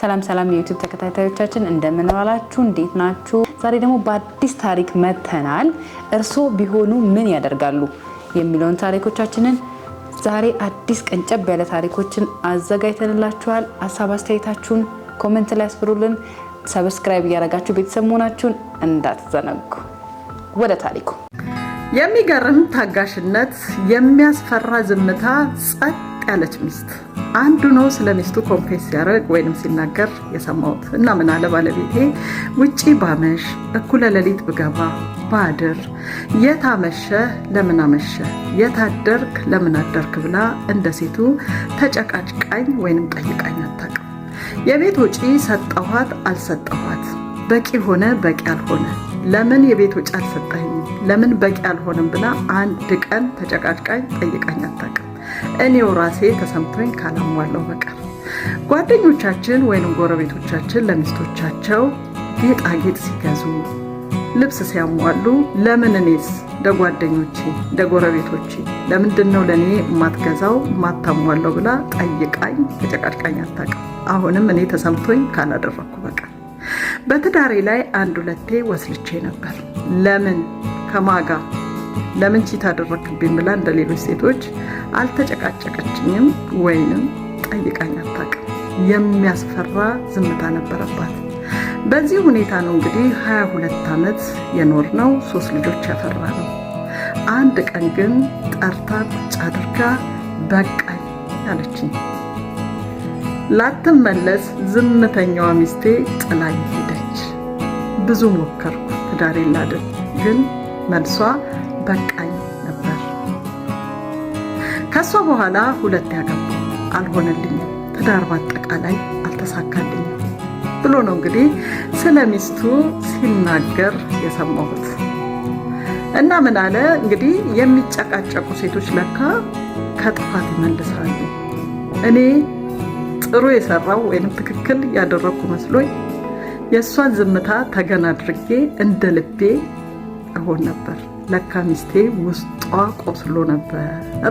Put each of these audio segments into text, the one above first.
ሰላም ሰላም የዩቱብ ተከታታዮቻችን እንደምን ዋላችሁ? እንዴት ናችሁ? ዛሬ ደግሞ በአዲስ ታሪክ መተናል። እርስዎ ቢሆኑ ምን ያደርጋሉ የሚለውን ታሪኮቻችንን ዛሬ አዲስ ቀንጨብ ያለ ታሪኮችን አዘጋጅተንላችኋል። ሀሳብ አስተያየታችሁን ኮመንት ላይ አስፍሩልን። ሰብስክራይብ እያደረጋችሁ ቤተሰብ መሆናችሁን እንዳትዘነጉ። ወደ ታሪኩ። የሚገርም ታጋሽነት፣ የሚያስፈራ ዝምታ፣ ጸጥ ያለች ሚስት አንዱ ነው ስለ ሚስቱ ኮንፌስ ሲያደርግ ወይም ሲናገር የሰማሁት እና ምን አለ ባለቤቴ፣ ውጪ ባመሽ እኩለ ሌሊት ብገባ ባድር የት አመሸ ለምን አመሸህ የታደርክ ለምን አደርክ ብላ እንደ ሴቱ ተጨቃጭቃኝ ወይንም ጠይቃኝ አታውቅም። የቤት ውጪ ሰጠኋት አልሰጠኋት፣ በቂ ሆነ በቂ አልሆነ፣ ለምን የቤት ውጪ አልሰጠኝም፣ ለምን በቂ አልሆንም ብላ አንድ ቀን ተጨቃጭቃኝ ጠይቃኝ አታውቅም። እኔው ራሴ ተሰምቶኝ ካላሟለው በቃ ጓደኞቻችን ወይንም ጎረቤቶቻችን ለሚስቶቻቸው ጌጣጌጥ ሲገዙ ልብስ ሲያሟሉ ለምን እኔስ ለጓደኞቼ ለጎረቤቶቼ ለምንድን ነው ለእኔ የማትገዛው የማታሟለው ብላ ጠይቃኝ ተጨቃጭቃኝ አታውቅም። አሁንም እኔ ተሰምቶኝ ካላደረግኩ በቃ በትዳሬ ላይ አንድ ሁለቴ ወስልቼ ነበር። ለምን ከማጋ ለምን ቺት አደረክብኝ ብላ እንደ ሌሎች ሴቶች አልተጨቃጨቀችኝም ወይንም ጠይቃኝ አታውቅም። የሚያስፈራ ዝምታ ነበረባት። በዚህ ሁኔታ ነው እንግዲህ 22 ዓመት የኖር ነው ሶስት ልጆች ያፈራ ነው። አንድ ቀን ግን ጠርታ ቁጭ አድርጋ በቃኝ አለችኝ። ላትመለስ ዝምተኛዋ ሚስቴ ጥላኝ ሄደች። ብዙ ሞከርኩ ትዳሬ ላድን፣ ግን መልሷ በቃኝ ነበር። ከእሷ በኋላ ሁለት ያገቡ አልሆነልኝም፣ ትዳር በአጠቃላይ አልተሳካልኝም ብሎ ነው እንግዲህ ስለ ሚስቱ ሲናገር የሰማሁት። እና ምን አለ እንግዲህ የሚጨቃጨቁ ሴቶች ለካ ከጥፋት ይመልሳሉ። እኔ ጥሩ የሰራው ወይም ትክክል ያደረግኩ መስሎኝ የእሷን ዝምታ ተገን አድርጌ እንደ ልቤ እሆን ነበር። ለካ ሚስቴ ውስጧ ቆስሎ ነበር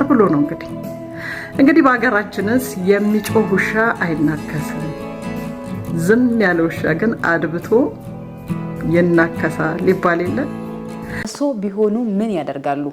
ብሎ ነው እንግዲህ እንግዲህ በሀገራችንስ የሚጮህ ውሻ አይናከስም፣ ዝም ያለ ውሻ ግን አድብቶ ይናከሳል ይባል የለ። እርሶ ቢሆኑ ምን ያደርጋሉ?